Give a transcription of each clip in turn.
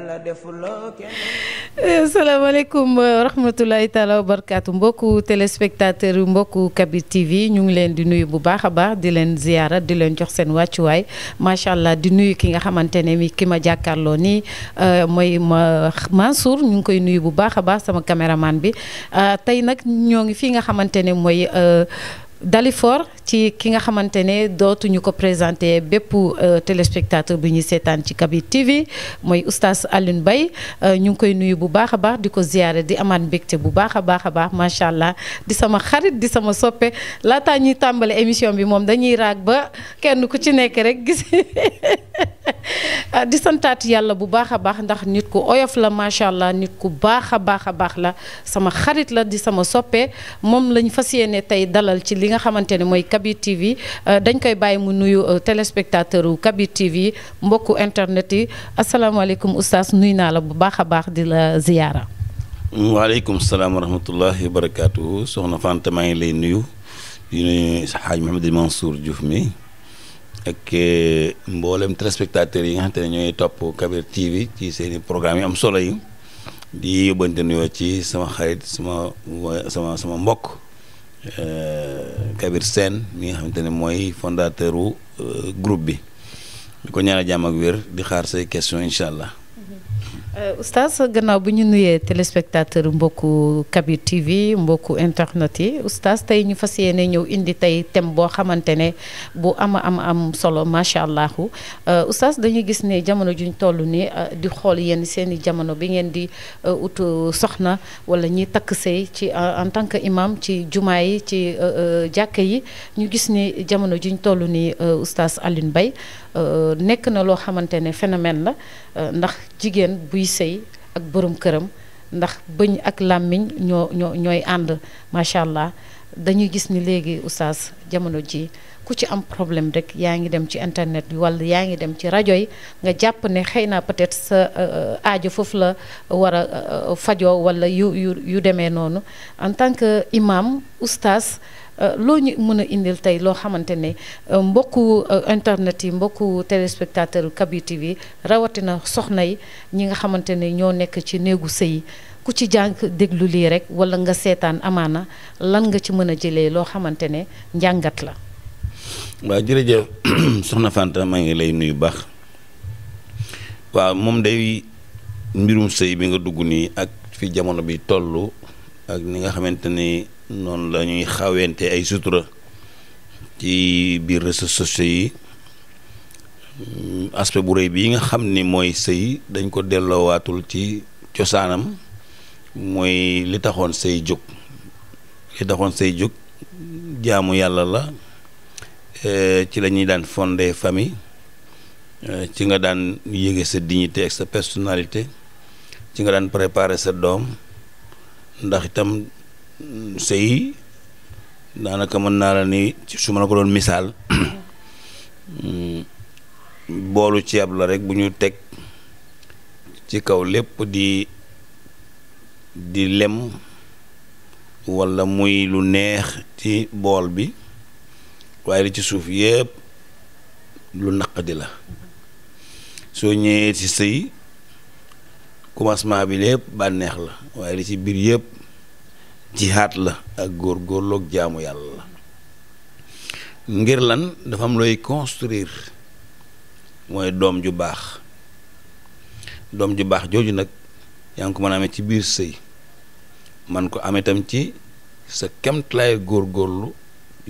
yàlla defuloo kenn. Eh, salaamaaleykum wa eh, rahmatulahi taala wa barkaatu mbokku téléspectateur yu mbokku Kabir TV ñu ngi leen di nuyu bu baax a baax di leen ziyaara di leen jox seen wàccuwaay macha allah di nuyu ki nga xamante ne mi ki ma jàkkaarloo nii eh, mooy ma Mansour ñu ngi koy nuyu bu baax a baax sama caméraman bi tey nag ñoo ngi fi nga xamante ne mooy. Dalifort ci ki nga xamante ne dootuñu ko présenté bépp euh, téléspectateur bi ñuy seetaan ci Kabir TV mooy oustaz Alioune bay euh, ñu ngi koy nuyu bu baax a baax di ko ziyaare di amaat mbégte bu baax a baax a baax macha allah di sama xarit di sama soppe laataa ñuy tàmbale émission bi moom dañuy raag ba kenn ku ci nekk rek gis. Ah, di santaat yàlla bu baax a baax ndax nit ku oyof la macha allah nit ku baax a baax a baax la sama xarit la di sama soppe moom lañ fas yéene tey dalal ci li nga xamante ne mooy Kabir TV ah, dañ koy bàyyi mu nuyu euh, téléspectateur wu Kabir TV mbokku internet yi asalaamaaleykum oustaz nuy naa la bu baax a baax di la ziyaara. waaleykum salaam wa rahmatullahi wa barakaatu soxna Fanta maa ngi lay nuyu di nuyu Hadj Mouhamadou Mansour Diouf mi. ak eh, mboolem téléspectateurs yi nga xamante ne ñooy topp Kabir TV ci seen i programme yi am solo yi di yóbbante nuyoo ci sama xarit sama sama sama mbokk eh, Kabir seen mi nga xamante ne mooy fondateur u eh, groupe bi di ko ñaanal jàmm ak wér di xaar say question incha allah. Euh, oustaz gannaaw bi ñu nuyee téléspectateur mbokku kabir TV mbokku internet yi oustaz tey ñu fas yéene ñëw indi tey thème boo xamante ne bu ama am am solo macha allah euh, oustaz dañuy gis ni jamono juñ toll ni euh, di xool yenn seen i jamono bi ngeen di ut soxna wala ñi takk sëy ci en tant que imam ci jumaa yi ci jàkk yi ñu gis ni jamono juñ toll ni oustaz Alioune bay Euh, nekk na loo xamante ne phénomène la euh, ndax jigéen buy sëy ak borom këram ndax bëñ ak làmmiñ ñoo ñooy ànd macha allah dañuy gis ni léegi oustaz jamono ji ku ci am problème rek yaa ngi dem ci internet bi wala yaa ngi dem ci rajo yi nga jàpp ne xëy na peut-être sa euh, euh, aajo foofu la war a euh, fajoo wala yu yu yu demee noonu en tant que imam oustaz loo ñu mën a indil tey loo xamante ne mbokku internet yi mbokku téléspectateur Kabir TV rawatina soxna yi ñi nga xamante ni ñoo nekk ci néegu sëy ku ci jàng déglu lii rek wala nga seetaan amaana lan nga ci mën a jëlee loo xamante ne njàngat la. waaw jërëjëf soxna Fanta maa ngi lay nuyu baax waaw moom day mbirum sëy bi nga dugg nii ak fi jamono bi toll ak ni nga xamante ni noonu la ñuy xawente ay sutura ci biir réseaux sociaux yi mm, aspect bu rëy bi nga xam ni mooy sëy dañ ko delloowatul ci cosaanam mooy li taxoon sëy jóg li taxoon sëy jóg jaamu yàlla la Eh, ci la ñuy daan fonde famille eh, ci nga daan yëge sa dignité ak sa personnalité ci nga daan préparer sa doom ndax itam sëy daanaka mën naa la ni su ma la ko doon misaal boolu ceeb la rek bu ñu teg ci kaw lépp di di lem walla muy lu neex ci bool bi waaye li ci suuf yépp lu naqadi la soo ñëwee ci sëy commencement bi lépp bànneex la waaye li ci biir yëpp jihaat la ak góor góorloog jaamu yàlla la ngir lan dafa am looy construire mooy doom ju baax doom ju baax jooju nag yaa ngi ko mën a amee ci biir sëy man ko amee tam ci sa kemtalaay góor góorlu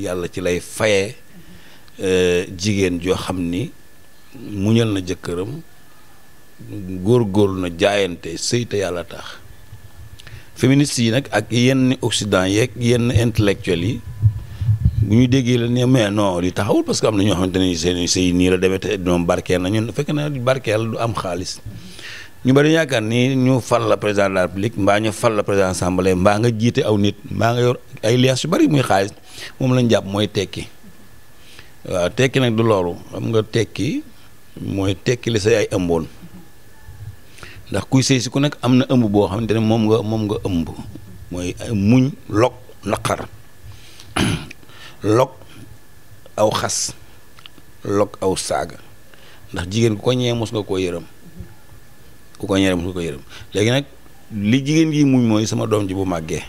yàlla ci lay fayee euh, jigéen joo xam ni muñal na jëkkëram góor góorgóorlu na jaayante sëy te yàlla tax féministes yi nag ak yenn occident yeeg yenn intellectuels yi bu ñu déggee la ne mais non li taxawul parce que am na ñoo xamante ne seen sëy nii la demee te ñoom barkeel na ñun fekk na barkeel du am xaalis ñu bari yaakaar ni ñu fal la président de la république mbaa ñu fal la président assemblée mbaa nga jiite aw nit mbaa nga yor ay lias yu bari muy xaalis moom lañ jàpp mooy tekki waaw tekki nag du loolu xam nga tekki mooy tekki li say ay ëmboon ndax kuy sëy si ku nekk am na ëmb boo xamante ne moom nga moom nga ëmb mooy muñ log naqar log aw xas log aw saaga ndax jigéen ku ko ñee mos nga koo yërëm ku ko ñee mos nga ko yërëm léegi nag li jigéen gi muñ mooy sama doom ji bu màggee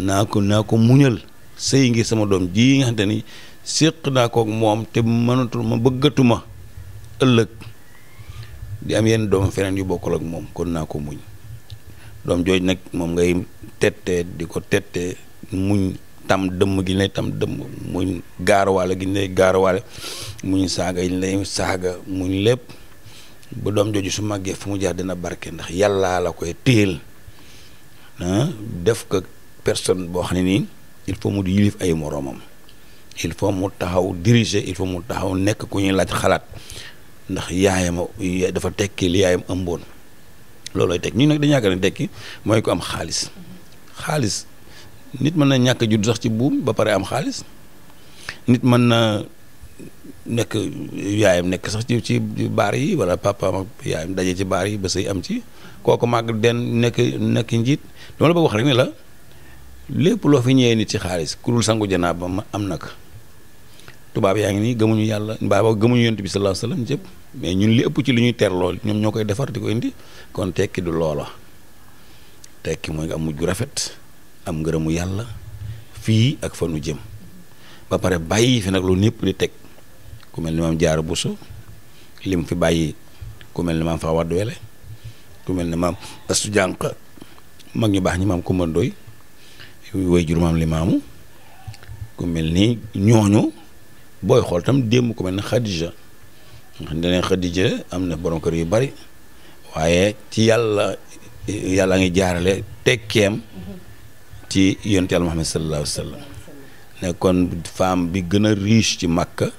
naa ko naa ko muñal sëy ngir sama doom ji nga xamante ni séq naa kook moom te mënatul ma bëggatuma ëllëg di am yenn doom feneen yu bokkul ak moom kon naa ko muñ doom jooj nag moom ngay tette di ko tette muñ tam dëmm gi lay tam dëmm muñ gaarawaale gi ñu lay gaarawaale muñ saaga lay saaga muñ lépp ba doom jooju su màggee fu mu jaar dina barke ndax yàllaa la koy téel ah, def ko personne boo xam ne nii il faut mu di yilif ay moroomam il faut mu taxaw diriger il faut mu taxaw nekk ku ñuy laaj xalaat ndax yaayam dafa tekki li yaayam ëmboon loolooy teg ñu nag dañu yaakaar mooy ko am xaalis xaalis nit mën na ñàkk judd sax ci buum ba pare am xaalis nit mën na nekk yaayam nekk sax ci ci baar yi wala papaam ak yaayam daje ci baar yi ba say am ci kooku màgg den nekk nekk njiit loolu la bëgg wax rek ne la. lépp loo fi ñëwee nit ci xaalis ku dul sangu janaaba ma am nag tubaab yaa ngi nii gëmuñu yàlla baaba gëmuñu yonent bi sallallahu alayhi wasallam jëpp mais ñun li ëpp ci lu ñuy ter lool ñoom ñoo koy defar di ko indi kon tekki du loola tekki mooy nga am mujj rafet am ngërëmu yàlla fii ak fa nu jëm ba pare bàyyi fi nag lu ñëpp di teg ku mel ni maam Jaara Buso mu fi bàyyi ku mel ni maam Fawade Wele ku mel ni maam Astu Jànq mag ñu baax ñi maam Kumba Ndoy way jur maam limaamu ku mel ni ñooñu booy xool tam démb ko mel ne Khadija nga xam ne Khadija am na borom kër yu bari waaye ci yàlla yàllaa ngi jaarale tekkeem ci yonent yàlla Muhammad sallallahu alayhi wa sallam nekkoon femme bi gën a riche ci Makka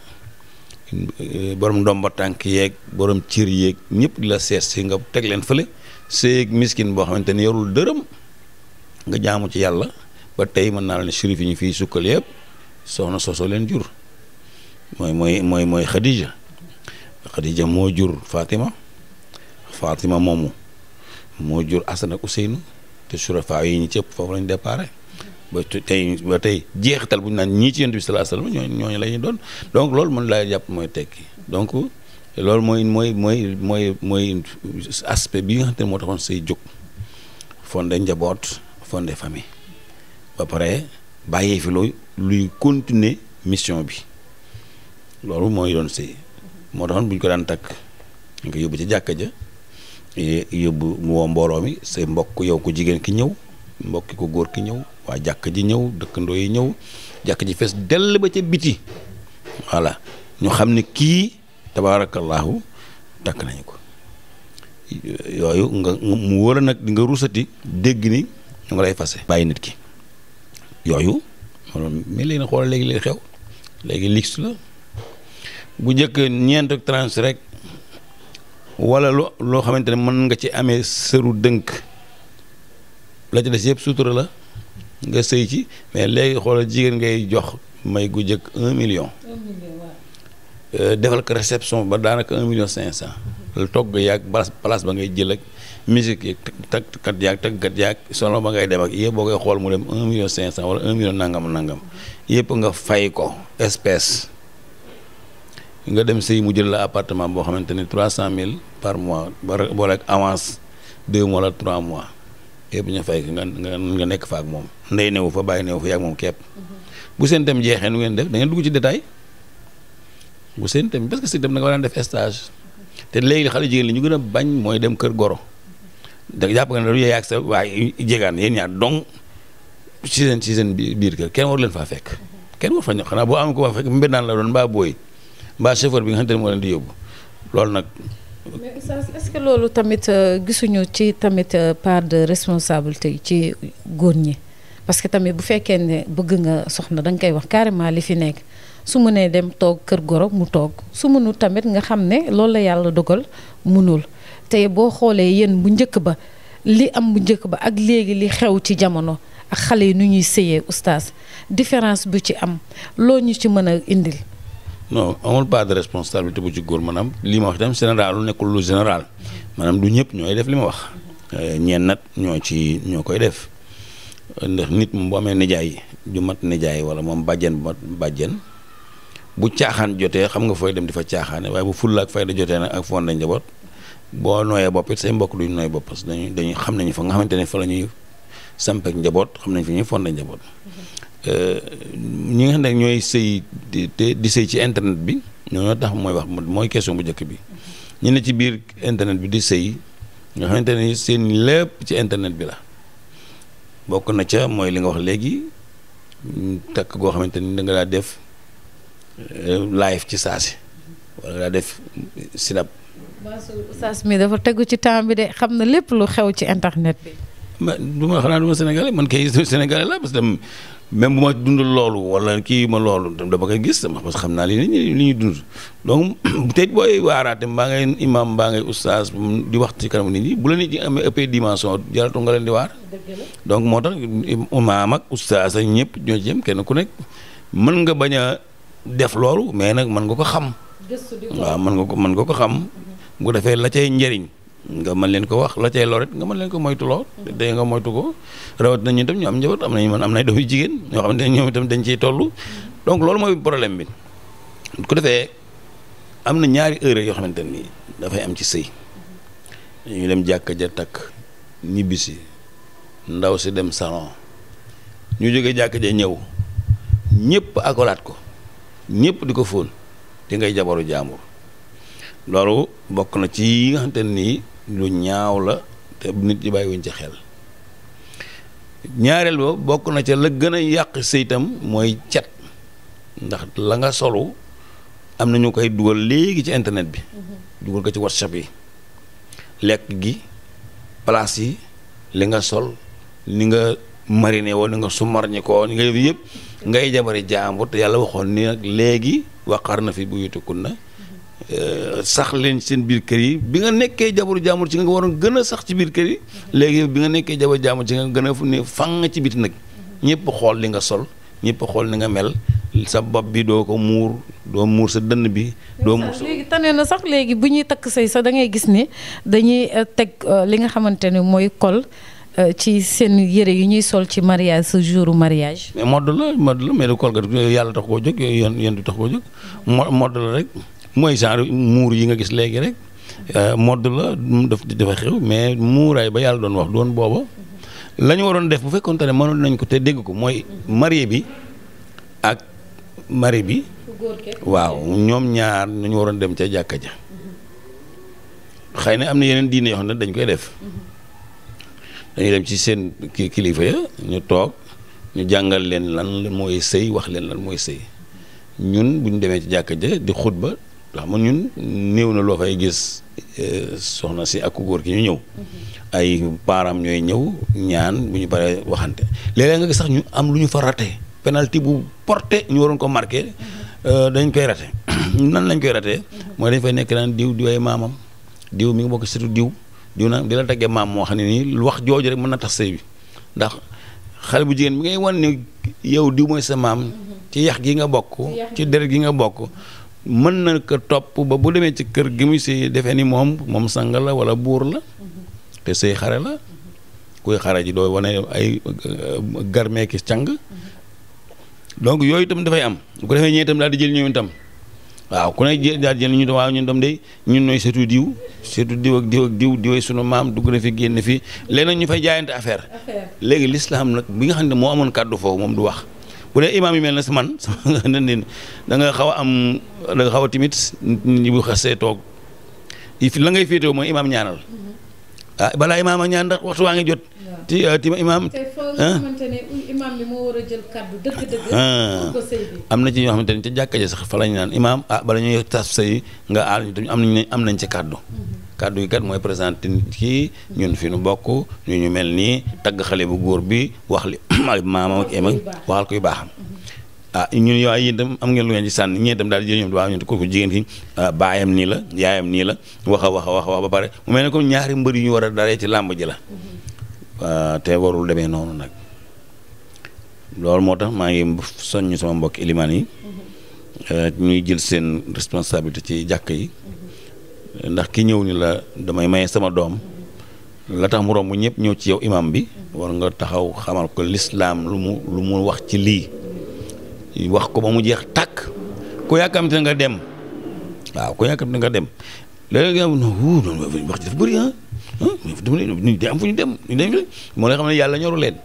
borom ndomba tànk yeeg boroom cër yéeg ñëpp la seet si nga teg leen fële seeg miskin boo xamante ni yorul dërëm nga jaamu ci yàlla ba tey mën naa la ne yi ñu fiy sukkal yëpp soxna soso leen jur mooy mooy mooy mooy Khadija Khadija moo jur Fatima Fatima moomu moo jur Asan ak Useynu te surafaa yi ñu cëpp foofu lañ déparé ba tey ba tey jeexital bu naan ñii ci Yonent bi sallallahu alayhi ñooñu ñooñu la doon donc loolu mën laa jàpp mooy tekki donc loolu mooy mooy mooy mooy mooy aspect moo taxoon say jóg fondé njaboot fondé famille. ba pare bàyyee fi looy luy continuer mission bi loolu mooy doon sëy moo taxoon bu ñu ko daan takk ñu ko yóbbu ci jàkka ja yóbbu mu mbooloo mi say mbokk yow ko jigéen ki ñëw mbokki ko góor ki ñëw waa jàkk ji ñëw dëkkandoo yi ñëw jàkk ji fees dell ba ca biti voilà ñu xam ne kii tabaarakallaahu takk nañu ko yooyu nga mu wóor nag di nga rusati dégg ni ñu nga lay fase bàyyi nit ki yooyu manoon mais léegi na xoolal léegi li xew léegi lix la bu njëkk ñeent tranche rek wala lu loo xamante ne mën nga ci amee sëru dënk la ci des yëpp sutura la nga sëy ci mais léegi xoolal jigéen ngay jox may gu njëkk un million euh, defal ko réception ba daanaka un million cinq cent lu togg yàgg place ba ngay jël ak musique yeeg tàggkat yaag tàggkat yaag solo ba ngay dem ak yëpp boo koy xool mu dem un million cinq wala un million nangam nangam yëpp nga fay ko espèce nga dem sëy mu jël la appartement boo xamante ni trois cent mille par mois ba boole ak avance deux mois wala mois yëpp ñu fay nga nga nekk fa ak moom ndey newu fa bàyyi newu fa yaag moom képp mm-hmm. bu seen dem jeexee nu ngeen def da ngeen dugg ci détail bu seen dem parce que si dem na nga war a def estage te léegi xale jigéen li ñu gën a bañ mooy dem kër goro da yàpp nga ne yow ak sa waaye jegaan yéen ñaar dong ci seen ci biir kër kenn war leen faa fekk kenn war fa ñëw xanaa boo am ko faa fekk mbir naan la doon mbaa booy mbaa chauffeur bi nga xamante ne moo leen di yóbbu loolu nag. mais loolu tamit euh, gisuñu ci tamit euh, par de responsabilité ci góor ñi parce que tamit bu fekkee ne bëgg nga soxna da nga koy wax carrément li fi nekk. su mënee dem toog kër goro mu toog su mënu tamit nga xam ne loolu la yàlla dogal mënul te boo xoolee yéen bu njëkk ba li am bu njëkk ba ak léegi li xew ci jamono ak xale yi nu ñuy sëyee oustaz différence bu ci am loo ñu ci mën a indil. non amul part de responsabilité bu ci góor maanaam li ma wax itam général lu nekkul lu général maanaam du ñëpp ñooy def li ma wax. Eh, ñeen nat ñoo ci ñoo koy def ndax nit moom bu amee nijaay ju mat nijaay wala moom bàjjen bu mat bu caaxaan jotee xam nga fooy dem di fa caaxaane waaye bu fulla ak fayda jotee nag ak foon dañ njaboot boo nooyee bopp say mbokk duñ nooy bopp parce que dañuy xam nañu fa nga xamante ne fa la ñuy samp ak njaboot xam nañ fi ñuy fonde njaboot euh, ñi nga xam ne ñooy sëy te di sëy ci internet bi ñoo tax mooy wax mooy question bu jëkk bi ñu ne ci biir internet bi di sëy nga xamante ne seen lépp ci internet bi la bokk na ca mooy li nga wax léegi takk goo xamante ni da nga daa def Euh, live ci saasi wala nga def sinap. oustaz mi dafa tegu ci temps bi de xam na lépp lu xew ci internet bi. ma du ma xanaa du ma sénégalais man kay sénégalais la parce que même bu ma dundul loolu wala kii ma loolu dama koy gis dama parce xam naa li ñuy li ñuy dund donc tey booy waaraate mbaa ngay imam mbaa ngay oustaz di wax ci kanam nit ñi bu la nit ñi amee ëppee dimension jaratu nga leen di waar. donc moo tax imaam ak oustaz ak ñëpp ñoo ci yem kenn ku nekk mën def loolu mais nag mën nga ko xam. waaw mën nga ko mën nga ko xam. bu defee la cay njëriñ. nga mën leen ko wax la cay loret nga mën leen ko moytu lool. day mm-hmm. nga moytu ko rawat na ñu itam ñu am njaboot am nañu man am nay doom yu jigéen ñoo xam ne ñoom itam dañ ciy toll. Mm-hmm. loolu mooy problème bi. ku defee am na ñaari heure yoo xamante ni dafay am ci sëy. Mm-hmm. ñu dem jàkka ja takk ñibbisi ndaw si dem salon ñu jógee jàkka ja ñëw ñëpp akolaat ko ñëpp di ko fóon di ngay jabaru jaambur loolu bokk na ci yi nga xamante nii lu ñaaw la te nit ñi bàyyiwuñ ci xel ñaareel ba bokk na ca la gën a yàq sëytam mooy cat ndax la nga solu am na ñu koy dugal léegi ci internet bi mm-hmm. dugal ko ci whatsapp yi lekk gi place yi li nga sol li nga mariné woo li nga sumarñi koo li nga yëpp ngay jabari jaambur te yàlla waxoon ni nag léegi waqar na fi bu buyutukunna euh, sax leen seen biir kër yi bi nga nekkee jabaru jaambur ci nga waroon gën a sax ci biir kër yi léegi bi nga nekkee jabaru jaambur ci nga gën a fu ne fang ci biti nag ñëpp xool li nga sol ñëpp xool ni nga mel sa bopp bi doo ko muur doo muur sa dënn bi doo muur sa léegi tane na sax léegi bu ñuy takk sëy sax da ngay gis ni dañuy euh, teg euh, li nga xamante ne mooy kol Euh, ci seen yére yi ñuy sol ci mariage sa jouru mariage. mais modd la modd la mais du kool yàlla tax koo jóg yéen yéen du tax ko jóg modd la rek mooy genre muur yi nga gis léegi rek euh, modd la daf dafa xew mais muuraay ba yàlla doon wax doon booba lañu waroon def bu fekkoonte ne mënoon nañ ko te dégg ko mooy marié bi ak mari bi. waaw ñoom ñaar nañu waroon dem ca jàkka ja. xëy na am na yeneen diine yoo xam ne dañ koy def. dañuy dem ci seen ki kilifa ya ñu toog ñu jàngal leen lan mooy sëy wax leen lan mooy sëy ñun bu ñu demee ci jàkka ja di xutba ndax man ñun néew na loo fay gis euh, soxna si ak ku góor ki ñu ñëw mm-hmm. ay paaram ñooy ñëw ñaan bu ñu paree waxante léeg-léeg nga sax ñu am lu ñu fa raté penalty bu porte ñu waroon ko marqué mm-hmm. euh, dañ koy rate nan lañ koy raté mm-hmm. mooy dañ fay nekk naan diw diw ay maamam diw mi ngi bokk surtout diw di na di la teggee maam moo xam ne nii lu wax jooju rek mën na tax sëy bi ndax xale bu jigéen bi ngay wan ni yow diw mooy sa maam ci yax gi nga bokk ci deret gi nga bokk mën na ko topp ba bu demee ci kër gi mu si defee ni moom moom sang la wala buur la te sëy xare la kuy xare ji doo wane ay uh, garmee ki cang mhm. donc yooyu itam dafay am bu ko defee ñee itam daal di jël ñoom itam waaw ku ne daal jël ñu waaw ñun doom de ñun nooy seetu diw seetu diw ak diw ak diw diwee sunu maam dugg na fi génn fi leneen ñu fay jaayante affaire léegi lislaam nag bi nga xam ne moo amoon kàddu foofu moom du wax bu dee imaam yi mel na si man sama nen da nga xaw a am da xaw a timit ñi bu xasee toog la ngay féetewoo mooy imaam ñaanal mm-hmm. ah, balaa imaam a ñaan ndax waxtu waa ngi jot ti eh, imaam. Eh? Ah. am na ci ñoo xam ne ci jàkka ji sax fa la ñu naan imaam ah, bala ñuy tas sëy nga aal ñu am nañ am nañ ci kàddu mhm. kaddu gi kat mooy présent nit ki ñun fi nu bokk ñu ñu mel nii tagg xale bu góor bi wax li maamam ak imaam waxal koy baaxam. Mhm. ah ñun yow ay itam am ngeen lu ngeen ci sànni ñii itam daal di jël ñoom waaw ñun kooku jigéen ki ah, baayam nii la yaayam nii la wax a wax wax ba pare mu mel ne comme ñaari mbër yu ñu war a daree ci làmb ji la. Mhm. Euh, te warul demee noonu nag loolu moo tax maa ngi soññ sama mbokk ilimaan yi euh, ñuy jël seen responsabilité ci jàkk yi ndax ki ñëw ni la damay may sama doom la tax mu romb ñëpp ñëw ci yow imaam bi war nga taxaw xamal ko lislaam lu mu lu mu wax ci lii wax ko ba mu jeex tàkk ku yàkkamte nga dem waaw ku yàkkamte nga dem léeg-léeg nga wax ji dafa bëri ah dama ne moo lay xam ne yàlla ñoru leen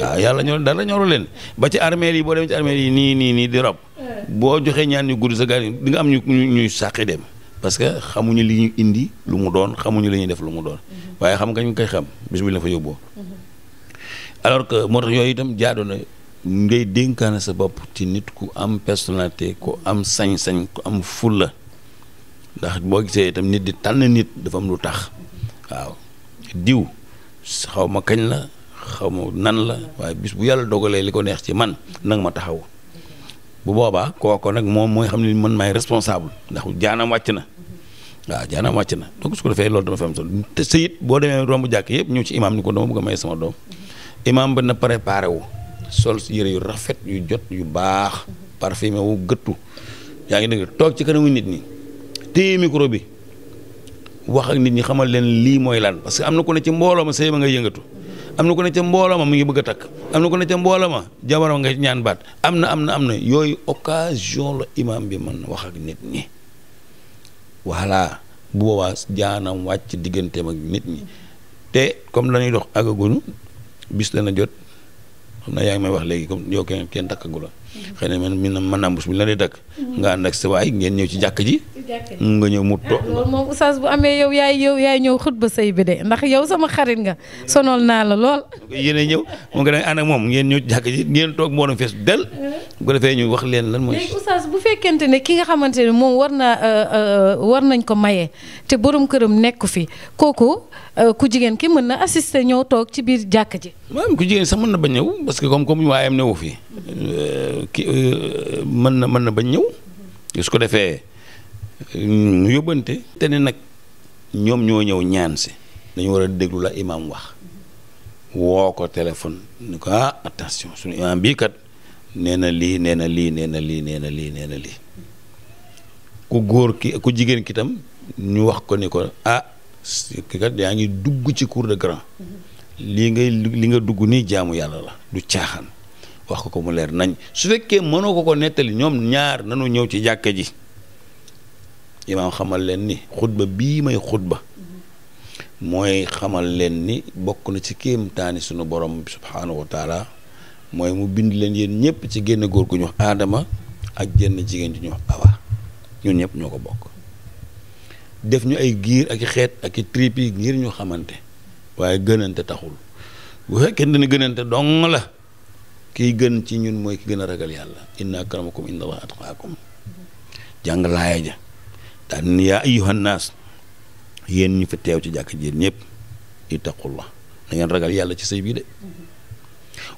waaw yàlla ñoru dara ñoru leen ba ci armeel yi boo demee ci armeel yi nii nii nii di rob boo joxee ñaan yu gudd sa gaal di nga am ñu ñuy sàqi dem parce que xamuñu li ñu indi lu mu doon xamuñu li def lu mu doon waaye xam nga ñu koy xam bis bi la fa yóbboo alors que moo tax yooyu itam jaadoo na ngay dénkaane sa bopp ci nit ku am personnalité ku am sañ-sañ ku am fulla ndax boo gisee itam nit di tànn nit dafa am lu tax waaw diw xaw ma kañ la xaw ma nan la waaye bis bu yàlla dogalee li ko neex ci man nag ma taxaw bu boobaa kooko nag moom mooy xam ne man maay responsable ndax jaanam wàcc na waaw jaanam wàcc na donc su ko defee loolu dama fi am solo te sëyit boo demee romb jàkk yëpp ñëw ci imaam ni ko dama bëgg may sama doom imaam ba na préparé wu sol yére yu rafet yu jot yu baax parfumé wu gëttu yaa ngi dégg toog ci kanamu nit ñi téye micro bi wax ak nit ñi xamal leen lii mooy lan parce que am na ko ne ci mbooloo ma nga yëngatu am na ku ne ca mbooloo ma mu ngi bëgg a takk am na ko ne ca mbooloo ma jabaram nga ñaan baat am na am na am na yooyu occasion la imam bi mën wax ak nit ñi voilà bu boobaa jaanam wàcc digganteem ak nit ñi te comme lañuy dox àggaguñu bis dana jot xam naa yaa ngi may wax léegi comme yow kenn kenn takkagula xëy na man na mën naa mbus bu ñu la dee dëkk. nga ànd ak sa waay ngeen ñëw ci jàkk ji. mu nga ñëw mu to ah, loolu moom oustaz bu amee yow yaay yow yaay ñëw xutba sëy bi de ndax yow sama xarit nga sonol naa la lool. yéen ñëw moom nga danga ànd moom ngeen ñëw ci jàkk ji ngeen toog mbooloo fees del bu ko defee ñu wax leen lan mooy. bu fekkente ne ki nga xamante ne moom war naa euh, euh, war nañ ko maye te boroom këram nekk fi kooku euh, ku jigéen ki mën na assister ñëw toog ci biir jàkk ji. maanaam ku jigéen sax mën na ba ñëw parce que comme comme waayam newu fi ki euh, mën na mën na ba ñëw su ko defee ñu yóbbante te ne nag ñoom ñoo ñëw ñaan si dañu war a déglu la imaam wax woo ko téléphone ni ko ah attention suñu imaam bii kat nee na lii nee lii nee na lii nee na lii nee na lii ku góor ki ku jigéen ki tam ñu wax ko ni ko ah ki kat yaa ngi dugg ci cour de grand lii ngay li nga dugg nii jaamu yàlla la du caaxaan wax ko ko mu leer nañ su fekkee mënoo ko ko nettali ñoom ñaar nanu ñëw ci jàkk ji imaam xamal leen ni xutba bii may xutba mooy xamal leen ni bokk na ci kéemtaani sunu borom subhaanahu wa taala mooy mu bind leen yéen ñëpp ci génn góor gu ñu wax aadama ak jenn jigéen ju ñu wax ñun ñëpp ñoo ko bokk def ñu ay giir ak i xeet ak i trip ngir ñu xamante waaye gënante taxul bu fekkente ni gënante dong la kiy gën ci ñun mooy ki gën a ragal yàlla inna akramakum inda allah atqaakum jàng laaya ja daan yaa ayyuhan naas ñu fi teew ci jàkk jéen ñëpp ittaqullah da ngeen ragal yàlla ci sëy bii de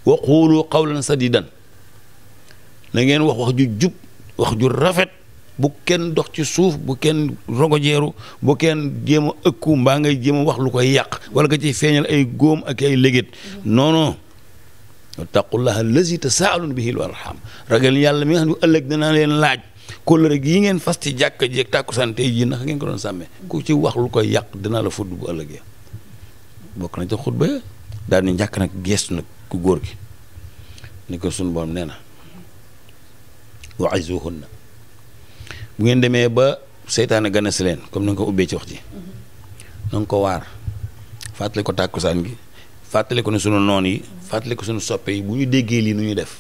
wa quulu qawlan sadidan na ngeen wax wax ju jub wax ju rafet bu kenn dox ci suuf bu kenn rogojeeru bu kenn jéem a ëkku mbaa ngay jéem wax lu koy yàq wala nga ci feeñal ay góom ak ay légét non wattaqullaha allazi tasaalun bihi wal arham ragal yàlla mi nga xam ne ëllëg dana leen laaj kóllëre gi ngeen fas ci jàkka ji ak tàkkusaan tey jii naka ngeen ko doon sàmmee ku ci wax lu koy yàq dina la fudd bu ëllëgee bokk na ca xutba daal ni njàkk nag geestu nag ku góor gi ni ko sunu borom nee na wa'izuhunna bu ngeen demee ba seytaane ganas leen comme ni nga ko ubbee ci wax ci mhm. na ko waar fàttali ko tàkkusaan gi fàttali na sunu noon yi fàttali ko sunu soppe yi bu ñu déggee lii nu ñuy def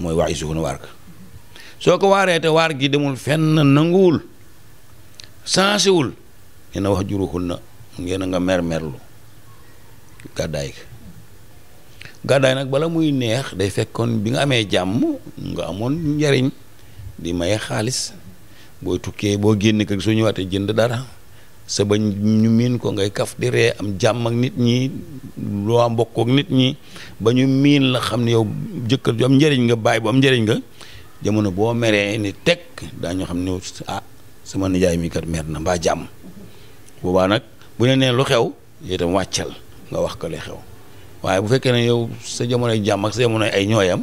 mooy wax yi suuf waar ka soo ko waaree te waar gi demul fenn nanguwul sansiwul ngeen wax juruxul na ngeen nga mer merlu gàddaay gàddaay nag bala muy neex day fekkoon bi nga amee jàmm nga amoon njariñ di maye xaalis booy tukkee boo génn kër soo ñëwaatee jënd dara sa ba ñu miin ko ngay kaf di ree am jàmm ak nit ñi loo mbokk ak nit ñi ba ñu miin la xam ne yow jëkkër ju am njëriñ nga bàyyi bu am njëriñ nga jamono boo meree ni teg ñoo xam ne ah sama nijaay mi kat mer na mbaa jàmm boobaa nag bu ne nee lu xew yow itam wàccal nga wax ko li xew waaye bu fekkee ne yow sa jamonoy jàmm ak sa jamonoy ay ñooyam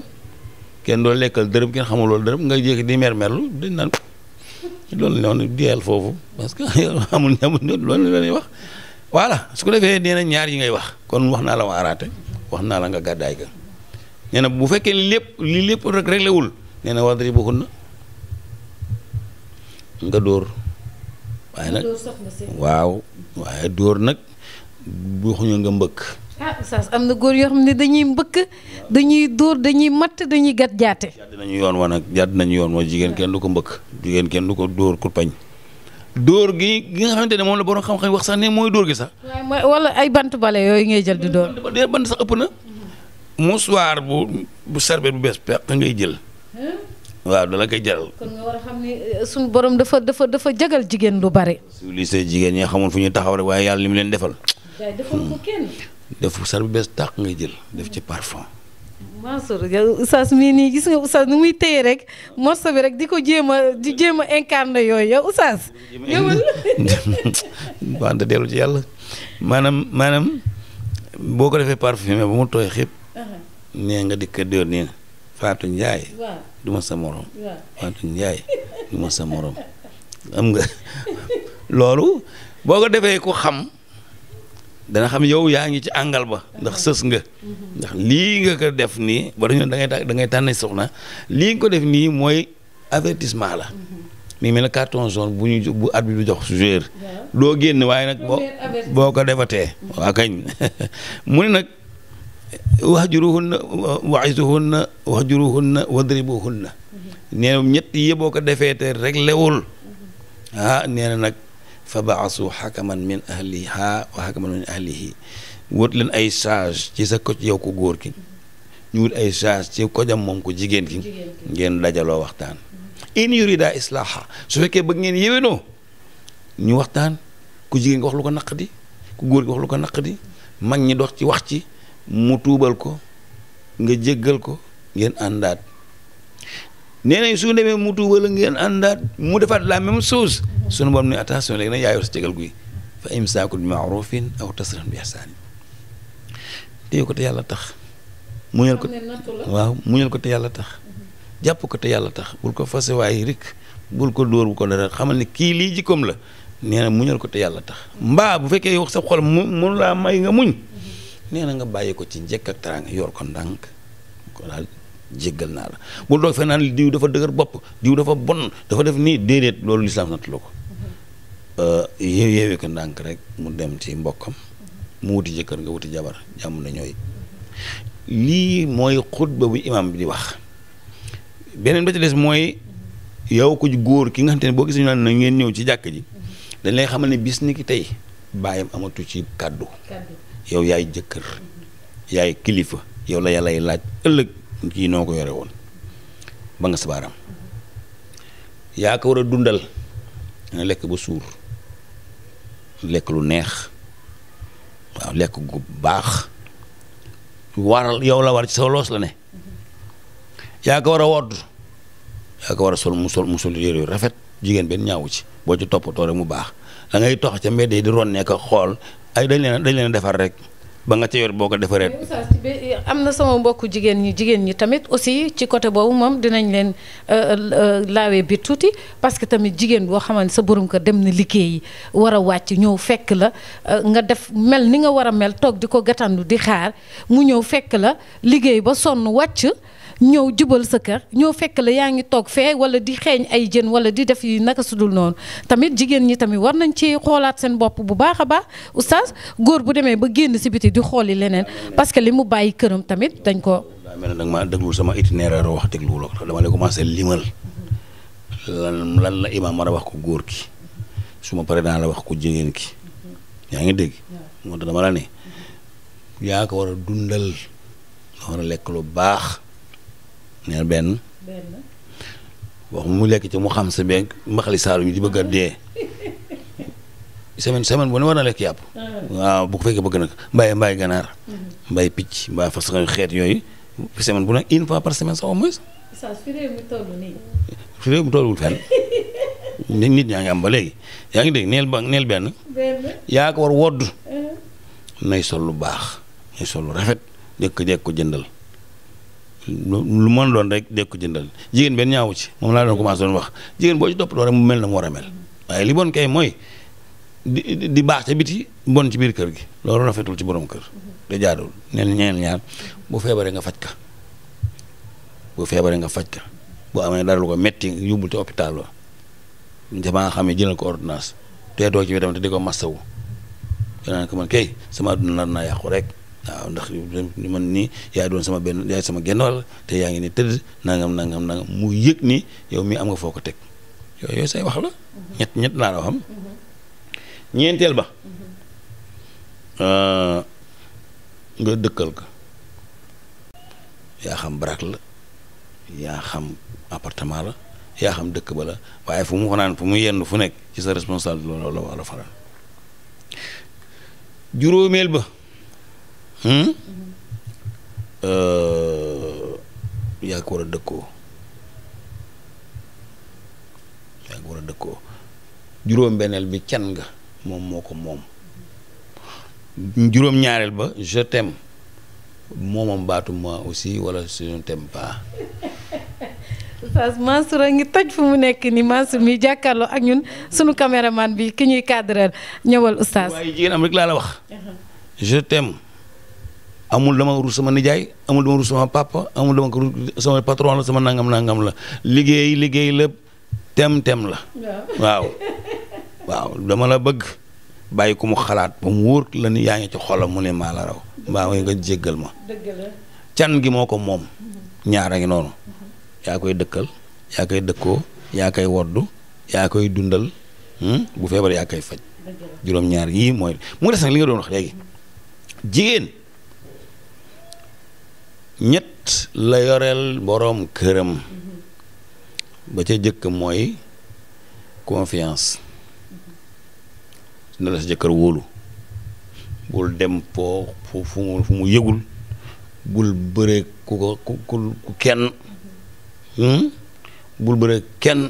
kenn doo lekkal dërëm kenn xamul loolu dërëm nga jékki di mer merlu dañ naan ci loolu la ñu diyal foofu parce que amul loolu la ñuy wax voilà su ko defee nee ñaar yi ngay wax kon wax naa la waaraate wax naa la nga gàddaay ga nee bu fekkee lépp li lépp rek réglé wul nee na wadri bokkul na nga dóor. waaye nag waaw waaye dóor nag bu waxuñu nga mbëkk. ah oustaz am na góor yoo xam ne dañuy mbëkk dañuy dóor dañuy matt dañuy gat jaate. jàdd nañu yoon wa nag jàdd nañu yoon wa jigéen kenn du ko mbëkk jigéen kenn du ko dóor kurpañ dóor gi gi nga xamante ne moom la borom xam wax sax ne mooy dóor gi sax. wala ay bant bale yooyu ngay jël di dóor. bant ëpp na. musuwaar bu bu sarbet bu bees peq ngay jël. Hmm? waaw dala koy jaral. kon eh, borom dafa dafa dafa jagal jigéen lu bare. su lii see jigéen ñi fu ñuy taxaw rek waaye yàlla li mu leen defal. def sar bu bees tàq ngay jël def ci parfum. Mansour yow oustaz nii gis nga oustaz nu muy téye rek morceau bi rek di ko jéem a di jéem a incarné yooyu yow oustaz. ñëwal waa nga dellu ci maanaam maanaam boo ko defee parfumé bu mu tooy xëp uh-huh. nee nga dikk dóor nii na Fatou Ndiaye. waaw sa morom. waaw Fatou Ndiaye sa morom. am nga loolu boo ko defee ku xam. dana xam yow yaa ngi ci àngal ba ndax sës nga ndax lii nga ko def nii ba dañu da ngay da ngay tànn soxna lii nga ko def nii mooy avertissement la mu ngi mel ne carton jaune bu ñu bu at bi du jox joueur doo génn waaye nag boo boo ko defatee waa kañ mu ne nag wahjuruhunna wa'izuhunna wahjuruhunna wadribuhunna mhm. nee na ñett yi boo ko defee te rek lewul mhm. ah nee nag fa baasu xakaman min ahliha wa xakaman min ahlihi wut leen ay charge ci sa ko yow ko góor ki ñu ay charge ci kojam jigéen ki ngeen dajaloo waxtaan in yurida islaaha su fekkee bëgg ngeen yéwénoo ñu waxtaan ku jigéen wax lu ko naq di ku góor ki lu ko naq di mag ñi dox ci wax ci mu tuubal ko nga jéggal ko ngeen àndaat nee nañ su demee mu tuub wala ngeen àndaat mu defaat la même chose sunu borom ne attention léegi nag yaa yor sa cegal guy fa imsaakun bi maarufin aw tasrihun bi ihsaan téye ko te yàlla tax muñal ko waaw muñal ko te yàlla tax jàpp ko te yàlla tax bul ko fase waaye rek bul ko dóor bu ko dara xamal ne kii lii jikkoom la nee na muñal ko te yàlla tax mbaa bu fekkee yow sa xol mu mënu laa may nga muñ mhm. nee na nga bàyyi ko ci njëkk ak teraanga yor ko ndànk ko daal jéggal naa la bul doog fee diw dafa dëgër bopp diw dafa bon dafa def nii déedéet loolu lislaam natt la ko mhm. euh, yéew ko ndànk rek mu dem ci mbokkam mhm. mu wuti jëkkër nga wuti jabar jàmm na ñooy lii mooy xutba bu imaam bi di wax beneen ba ci des mooy mhm. yow ko góor ki nga xam ne boo gis ñu naan na ngeen ñëw ci jàkk ji dañ lay xamal ne bis ni ki tey bàyyam amatu ci kàddu yow yaay jëkkër yaay kilifa yow la yàlla lay laaj ëllëg kii noo ko yore woon ba nga sabaaram yaa ko war a dundal dana lekk ba suur lekk lu neex waaw lekk gu baax waral yow la war ci sa loos la ne yaa ko war a wodd yaa ko war a sol mu sol mu sol yére yu rafet jigéen benn ñaawu ci boo ci toppatoo rek mu baax da ngay tox ca mbedd yi di ron nekk xool ay dañ leen dañ leen defar rek ba nga ca yor boo ko defaree. am na sama mbokku jigéen ñi jigéen ñi tamit aussi ci côté boobu moom dinañ leen euh, euh, laawee bi tuuti parce que tamit jigéen boo xamante ne sa borom ko dem na liggéey war a wàcc ñëw fekk la euh, nga def mel ni nga war a mel toog di ko gàttandu di xaar mu ñëw fekk la liggéey ba sonn wàcc. ñëw jubal sa kër ñëw fekk la yaa ngi toog fee wala di xeeñ ay jën wala di def yi naka sudul noonu tamit jigéen ñi tamit war nañ ci xoolaat seen bopp bu baax a baax oustaz góor bu demee ba génn si biti di xool yi leneen parce que li mu bàyyi këram tamit dañ ko daa mel ne nag maa déglu sama itinéraire wax déglu la dama lay commencé limal lan la a wax ko góor ki su ma paree daan la wax ko jigéen ki yaa ngi dégg la ne yaa ko war a dundal nga war a lekk lu baax neel benn. wax mu lekk ci mu xam sa beeg mbaxali saaru yi di bëgg a dee. semaine semaine bu ne war na lekk yàpp. waaw bu ko fekkee bëgg nag mbay mbay ganaar. mbay picc mbaa fas xeet yooyu semaine bu ne une fois par semaine sax au moins. saa su réew mi toll nii. su nit ñaa ngi am ba léegi yaa ngi dégg neel ba neel benn. yaa ko war wodd eh. nay sol lu baax nay sol lu rafet. jëkk jëkk ko jëndal. lu mën doon rek dégg ko jëndal jigéen benn ñaawu ci moom laa doon commencé doon wax jigéen boo ci toppatoo rek mu mel na mu war a mel waaye li bon kay mooy di baax ca biti bon ci biir kër gi loolu rafetul ci borom kër da jaadul neen ñeen ñaar bu feebaree nga faj boo feebaree nga faj ka bu amee dara lu ko metti yóbbul te hôpital la te ba xam ne jëlal ko ordonnance te doo ci wetam te di ko massawu danaa ko man kay sama àdduna nar naa yàqu rek waaw ndax li man nii yaay doon sama benn yaay sama genn wàll te yaa ngi ne tëdd nangam nangam nangam mu yëg ni yow mii am nga foo ko teg yooyu yooyu say wax la. Mhm. ñett ñett laa mhm. ba. Mhm. Euh, nga dëkkal ko. yaa xam baraak la yaa xam appartement la yaa xam dëkk ba la waaye fu mu fanaan fu mu yenn fu nekk ci sa responsable loolu la war a faral juróomeel ba. Hmm? Mhm. Euh, yaa ko war a dëkkoo yaa war a dëkkoo juróom-benneel bi can nga moom moo ko moom juróom-ñaareel ba je t'aime moomam baatu aussi wala je ne t'aime pas. a ngi toj fu mu nekk ni Mansour mi jàkkarloo ak ñun sunu caméraman bi ki ñuy cadreel ñëwal Oustaz. amul dama ruus sama nijaay amul dama ruus sama papa amul dama ko sama patron la sama nangam nangam la liggéey liggéey la tem tem la. waaw dama la bëgg bàyyi ko mu xalaat ba mu wóor la ni yaa ngi ci xolam mu ne maa la raw mbaa nga jéggal ma. can gi moo ko moom. Mm-hmm. ñaar a ngi noonu. Mm-hmm. yaa koy dëkkal yaa koy dëkkoo yaa koy woddu yaa koy dundal hmm? bu feebar yaa koy faj. juróom-ñaar yii mooy mu des nag li nga doon wax léegi mm-hmm. jigéen. ñett la yoreel boroom këram ba ca jëkk mooy confiance dina la sa jëkkër wóolu bul dem foo fu fu mu yëgul bul bëre ku ko ku kenn hmm? bul bëre kenn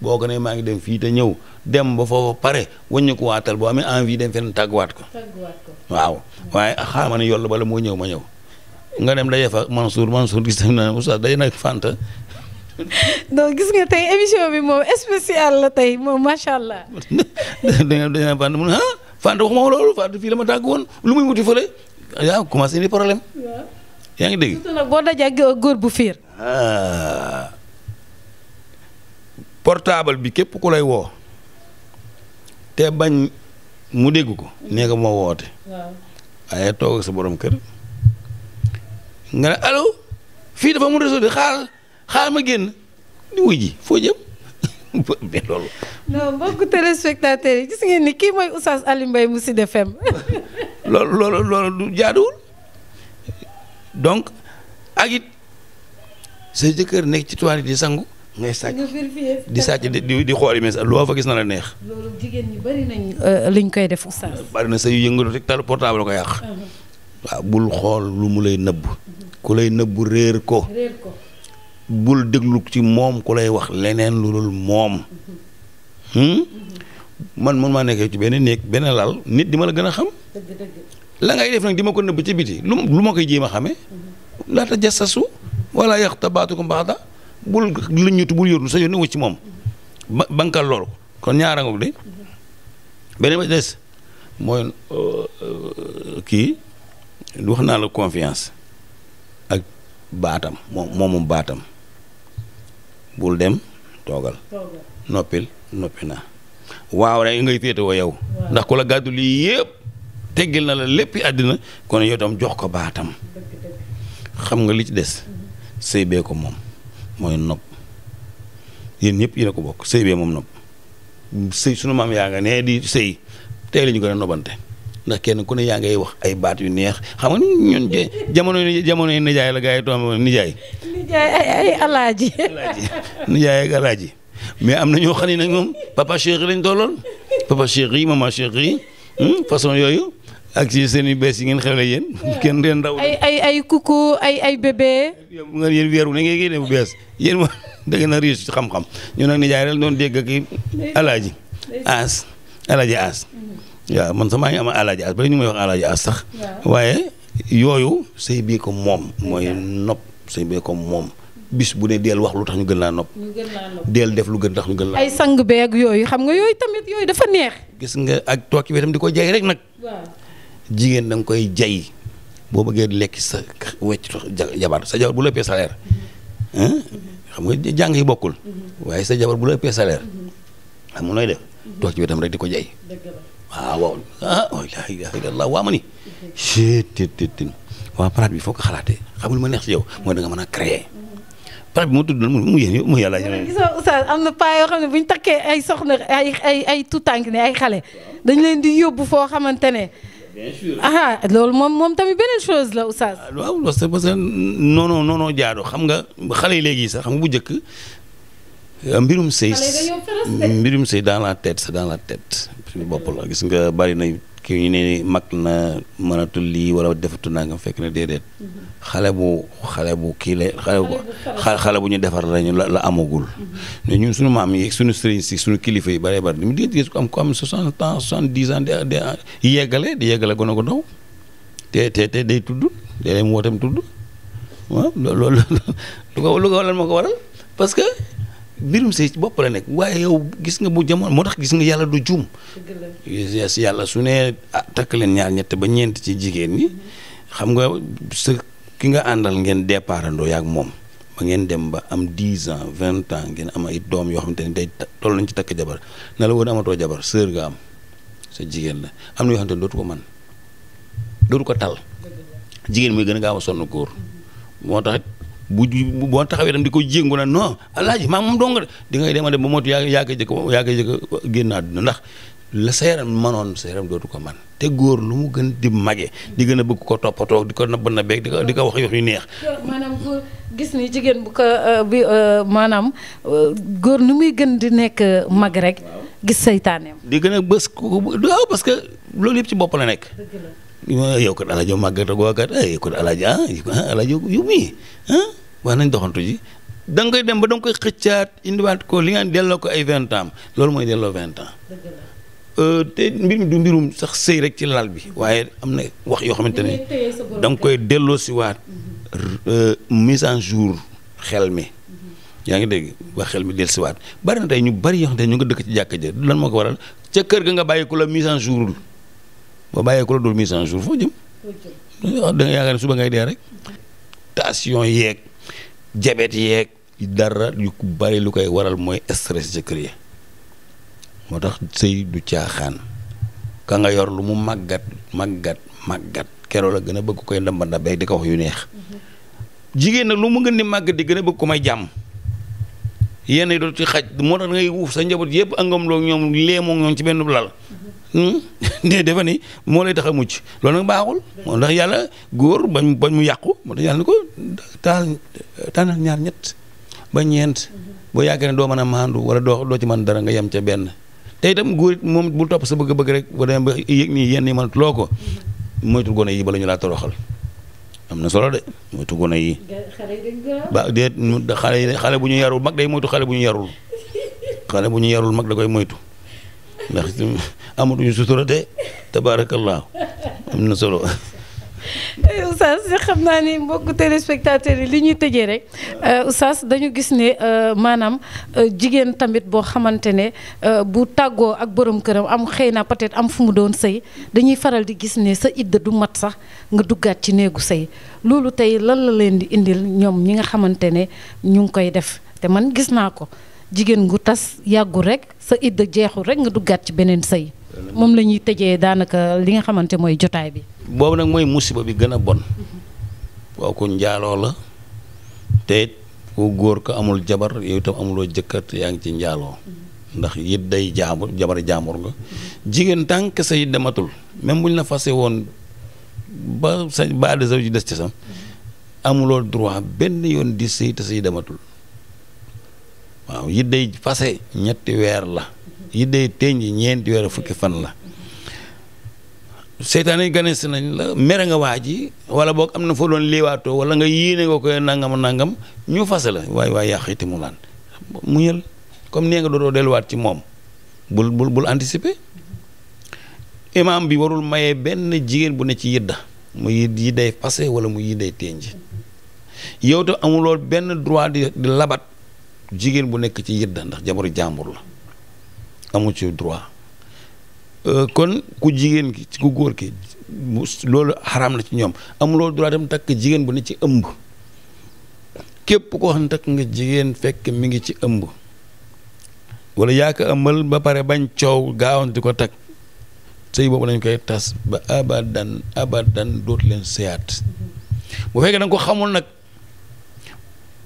boo ko ne maa ngi dem fii te ñëw dem ba foofa pare wëññi ku waatal boo amee envie dem fenn tàgguwaat ko. ko waaw waaye xaaral ma ne yoll bala moo ñëw ma ñëw. nga dem dajee fa Mansour Mansour gis nañ ne oustaz day nag Fanta. donc gis nga tey émission bi moom spécial la tey moom macha allah. dañoo dañoo Fanta mu ne ah Fanta waxuma ko loolu Fanta fii la ma tàgg woon lu muy wuti fële yaa commencé indi problème. yaa ngi dégg. surtout nag boo dajee góor bu fiir. Ah. portable bi képp ku lay woo. te bañ mu dégg ko. nee nga ma woote. waaye toog ak sa kër. nga ne allo fii dafa mu réseau de xaar xaar ma génn di wuy ji foo jëm mais loolu. non mbokku yi gis ngeen ni kii mooy Oustaz Aliou Mbaye mu si FM. loolu loolu loolu du jaaduwul donc ak sa jëkkër nekk ci toile di sangu. ngay sàcc di sàcc di di xool mais loo fa gis na la neex. loolu euh, liñ koy def oustaz. bari na sa yu yëngatu rek tal ko yàq. Ah. waaw bul xool lu mu lay nëbb. ku lay nëbbu réer ko bul déglu ci moom ku lay wax leneen lu dul moom hmm? man mun maa nekkee ci benn néeg benn lal nit di ma la gën a xam la ngay def nag di ma ko nëbb ci biti lu lu ma koy jéem a xamee mhm. laata jasasu wala yàq tabaatu ko mbaxda bul luñutu bul yóru sa yónni wu ci moom ba bankal loolu kon ñaara ngoog de mhm. beneen ba des mooy euh, euh, kii wax naa la confiance baatam moom moomum baatam bul dem toogal noppil noppi naa waaw rek ngay féetewoo yow ndax ku la gàddu lii yëpp teggil na la lépp àddina kon yow tam jox ko baatam xam nga li ci des mhm. sëy bee ko moom mooy nopp yéen ñëpp yéen ko bokk sëy bee moom nopp sëy sunu maam yaa nga nee di sëy tey la ñu gën a nobante ndax kenn ku ne yaa ngay wax ay baat yu neex xam nga ñun jamono jamono yi nijaay la gars yi tombé nijaay. nijaay ay ay alaaji. nijaay ak alaaji mais am na ñoo xam nag moom papa chéri lañ tolloon papa chéri maman chéri hmm, façon yooyu ak si seen i bees yi ngeen xewle yéen. kenn leen raw ay ay ay kuku ay ay bébé. nga yéen weeru ne ngeen génne bu bees yéen ma dëgg na riis ci xam-xam ñu nag nijaay rek doon dégg ak alaaji. as alaaji as. waaw man sax maa am alaaji bari ñu may wax alaaji as sax. waaye yooyu sëy bii ko moom. mooy nopp sëy bee ko moom. bis bu ne deel wax lu tax ñu gën laa nopp. ñu deel def lu gën tax ñu gën laa. ay sang beeg yooyu xam nga yooyu tamit yooyu dafa neex. gis nga ak toog ci wetam di ko jay rek nag. jigéen da koy jay boo bëggee lekk sa wecc jabar sa jabar bu la ëppee mm-hmm. Mm-hmm. xam nga jàng yi bokkul. Mm-hmm. waaye sa jabar bu la ëppee salaire. xam nga nooy def di ko jay. ah waaw ah oh, la ilaha waa ma bi foo ko xalaatee xam lu ma neex si yow mooy da nga mën a créer. parade bi moo tudd noonu mu yéen mu yàlla. gisoo oustaz am na paa xam ne bu ñu takkee ay soxna ay ay ay tuutànk ne ay xale dañ leen di yóbbu foo xamante ne. bien sûr ah loolu moom moom tamit beneen chose la oustaz. Ah, waaw parce que xam nga xale yi léegi sax xam nga bu njëkk mbirum sëy mbirum sëy dans la tête sa dans la tête suñu bopp la gis nga bari na ki ñu ne mag na mënatul lii wala defatu nangam fekk na déedéet mm-hmm. xale bu xale bu kii la xale bu xale bu ñu defar lañu la amagul mm-hmm. ne ñun suñu maam yi suñu sëriñ si suñu kilifa yi bare bëri di mu déet gis ko am ko am soixante ans soixante dix ans di di yeggale di yeggale gone ko daw te te day tudd day dem wootam tudd waaw loolu lu ko lu ko waral moo ko waral parce que mbirum sëy ci bopp la nekk waaye yow gis nga bu jamono moo tax gis nga yàlla du juum. dëgg yàlla su nee a ah, takk leen ñaar ñett ba ñeent ci jigéen ñi. xam nga sa ki nga àndal ngeen départandoo yaak moom ba ngeen dem ba am dix ans vingt ans ngeen am ay doom yoo xamante ni day toll nañ ci takk jabar na la woon amatoo jabar sër nga am sa jigéen la am na yoo xam ni dootu ko man dootu ko tal. jigéen muy gën a gaaw a sonn góor mm-hmm. moo tax bu boo taxawee dem di ko jéngu na non alaaji maa moom dong di ngay dema dem ba motu yaa yaa koy jëkk yaa koy jëkk génn àdduna ndax la sa yaram manoon sa yaram dootu ko man te góor lu mu gën di mage di gën a bëgg ko toppatoo di ko nëbb na beeg di ko di ko wax yox yu neex maanaam góor gis ni jigéen bu ko euh, bi euh, maanaam euh, góor nu muy gën di nekk mag rek gis saytaaneem di gën a bës waaw parce que loolu yëpp ci bopp la nekk yow ko El Hadj màggat ak waa kat yow kat El eh, ah, ah, mii ah wax nañ doxantu ji da nga koy dem ba danga koy xëccaat indiwaat ko li nga delloo ko ay vingt ans loolu mooy delloo vingt ans. Euh, te mbir mi du mbirum sax sëy rek ci lal bi waaye am na wax yoo xamante ne da nga koy delloo si waat mm-hmm. euh, mise en jour xel mi. Mm-hmm. yaa ngi dégg wax xel mi del siwaat bari na tey ñu bari yoo xam ne ñu nga dëkk ci jàkka ja lan moo ko waral ca kër ga nga bàyyi ku la mise en jour ba bàyyee ku la dóor mille cent foo jëm. Ah, da nga ne suba ngay dee rek. tension yeeg jabet yeeg dara yu bari lu koy waral mooy stress ca ya moo tax sëy du caaxaan ka nga yor lu mu màggat màggat màggat keroo la gën a bëgg koy ndamba bay di ko yu neex jigéen na lu mu gën di màggat di gën a bëgg ko may jàmm yenn yi dootu ci xaj moo tax ngay wuuf sa njaboot yëpp angam loo ñoom léemoo ñoom ci benn lal nee hmm? dafa ni moo lay tax mucc loolu nag baaxul moo ndax yàlla góor bañ bañ mu yàqu moo tax yàlla ni ko taal ñaar ñett ba ñeent boo yàggee ne doo mën a maandu wala doo doo ci mën dara nga yem ca benn te itam góor moom bul topp sa bëgg-bëgg rek ba demee ba yëg nii yenn yi ko moytu gone yi bala ñu laa toroxal am na solo de moytu gone yi. ba déet xale yi xale bu ñu yarul mag day moytu xale bu ñu yarul xale bu ñu yarul mag da koy moytu. ndax amatuñu sutura de tabaarakallaahu am na solo. Eh, Oustaz xam naa ni mbokku téléspectateurs yi li ñuy tëjee rek eh, Oustaz dañu gis ne eh, maanaam jigéen tamit boo xamante ne bu tàggoo ak borom këram am xëy na peut-être am fu mu doon sëy dañuy faral di gis ne sa idda du mat sax nga duggaat ci néegu sëy loolu tey lan la leen di indil ñoom ñi nga xamante ne ñu ngi koy def te man gis naa ko jigéen gu tas yàggul rek. sa idda jeexul rek nga duggaat ci beneen sëy moom la ñuy tëjee daanaka li nga xamante mooy jotaay bi. boobu nag mooy musiba bi gën a bon. kooku njaaloo la te ku góor ko amul jabar yow itam amuloo jëkkat yaa ngi ci njaaloo ndax it day jaabur jabar jaambur nga jigéen tànk sa yit dematul même bu ñu fase woon ba sa baal sa des ci amuloo droit benn yoon di sëy te say dematul waaw yi fase ñetti weer la yi day teñ ñeenti weer fukki fan la seytaan yi ganes nañ la mere nga waa ji wala boo am na foo doon liiwaatoo wala nga yéene nga koy nangam nangam ñu fase la waay waay yàq iti mu laan mu yël comme nee nga dootoo delluwaat ci moom bul bul anticiper imaam bi warul maye benn jigéen bu ne ci yidda mu yi day fase wala mu yi day yow te amuloo benn droit di labat jigéen bu nekk ci yëdda ndax jabaru jàmbur la amu ci droit euh, kon ku jigéen ki ku góor ki loolu xaraam la ci ñoom amuloo droit dem takk jigéen bu ne ci ëmb képp koo xam takk nga jigéen fekk mi ngi ci ëmb wala yaaka ëmbal ba pare bañ coow gaawante di ko takk sëy boobu lañ koy tas ba abadan abadan dootu leen seyaat bu fekkee da ko xamul nag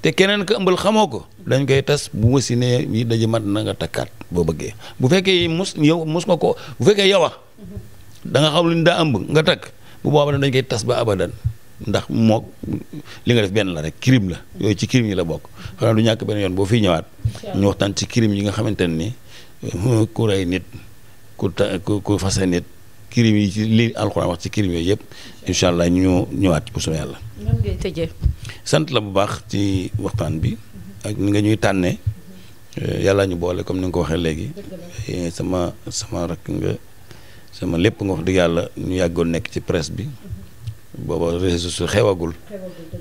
te keneen ka ëmbal xamoo ko dañ koy tas bu masinee yi daje mat na nga takkaat boo bëggee bu fekkee mus yow mus nga ko bu fekkee yow danga ah, da nga xam lu ñu daa ëmb nga takk bu boobaa dañ koy tas ba abadan ndax mook li nga def benn la rek crime la yooyu ci crime yi la bokk xanaa du ñàkk benn yoon boo fii ñëwaat ñu waxtaan ci crime yi nga xamante ne ni ku rey nit ku ta nit kirim yi ci lii alxuraan wax ci kirim yooyu yëpp incha allah ñu ñëwaat bu soobee yàlla. sant la bu baax ci waxtaan bi. ak ni nga ñuy tànnee. Euh, yàlla ñu boole comme ni nga ko waxee léegi. sama sama rakk nga sama lépp nga wax dëgg yàlla ñu yàggoon nekk ci press bi. booba réseaux sociaux xewagul.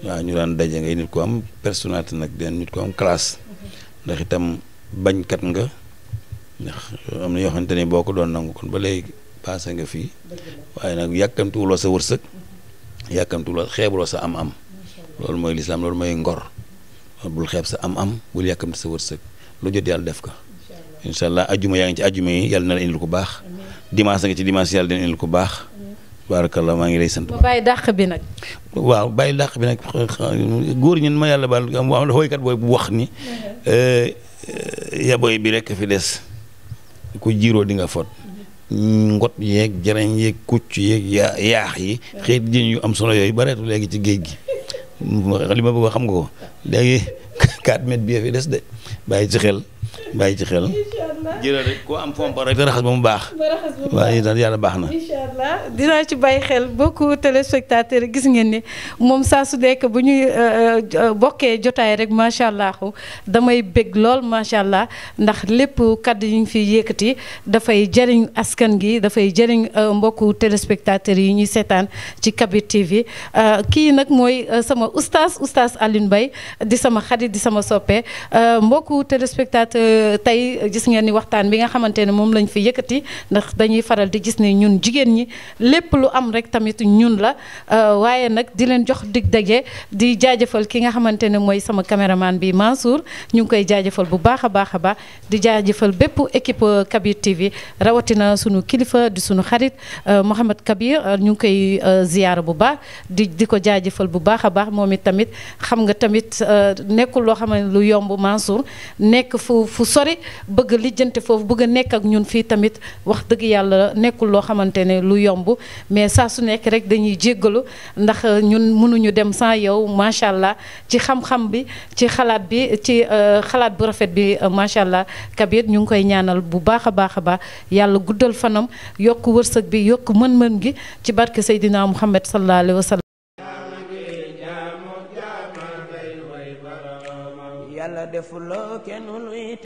waa ñu daan daje ngay nit ko am personnalité nag den nit ko am classe. ndax itam bañkat nga. ndax am na yoo xamante ne boo ko doon nangu kon ba léegi. paase nga fii nag yàkkamtiwuloo sa wërsëg yàkkamtiwuloo xeebuloo sa am mooy lislaam loolu mooy ngor bul xeeb sa am-am bul sa wërsëg lu def ko incha allah ajjuma baax dimanche nga baax baarakallah maa ngi lay sant. ba bàyyi bi nag. waaw bàyyi dàq bi nag góor ñun ma yàlla baal am woykat booy bu wax ni. Eh, yaboy bi rekk fi des ku jiiroo di fot. ngot yeeg jërëñ yéeg kucc yeeg yaa yaax yi xeet jën yu am solo yooyu bareetu léegi ci géej gi li ma bëgg xam nga ko léegi 4 mètres bi fi des de bàyyi ci xel bàyyi ci xel. jëlal rek koo am fomp rek raxas ba mu baax. waaye yàlla baax na. incha dinaa ci bàyyi xel beaucoup téléspectateur gis ngeen ni moom saa su nekk bu ñuy euh, euh, bokkee jotaay rek macha allah damay bëgg lool macha allah ndax lépp kaddu yi ñu fi yëkkati dafay jëriñ askan gi dafay jëriñ euh, mbokku téléspectateur yi ñuy seetaan ci Kabir TV kii nag mooy sama oustaz oustaz Alioune Mbaye di sama xarit di sama soppe mbokku téléspectateur. tey gis ngeen ni waxtaan bi nga xamante ne moom lañu fi yëkkati ndax dañuy faral di gis ne ñun jigéen ñi lépp lu am rek tamit ñun la euh, waaye nag di leen jox dig daje di jaajëfal ki nga xamante ne mooy sama caméraman bi Mansour ñu ngi koy jaajëfal bu baax a baax a baax di jaajëfal bépp équipe euh, Kabir rawatina sunu kilifa di sunu xarit euh, Mouhamed Kabir ñu ngi koy ziyaara bu baax di di ko jaajëfal bu baax a baax moom it tamit xam nga tamit nekkul loo xam ne lu yomb Mansour nekk fu fu sori bëgg lijjante foofu bëgg a nekk ak ñun fii tamit wax dëgg yàlla nekkul loo xamante ne lu yomb mais saa su nekk rek dañuy jéggalu ndax euh, ñun mënuñu dem sans yow macha allah ci xam-xam bi ci xalaat bi ci euh, xalaat bu rafet bi euh, macha allah Kabir ñu ngi koy ñaanal bu baax a baax a baax yàlla guddal fanam yokk wërsëg bi yokk mën-mën gi ci barke Seydina Muhammad sallallahu alayhi wa yàlla defuloo kenn luy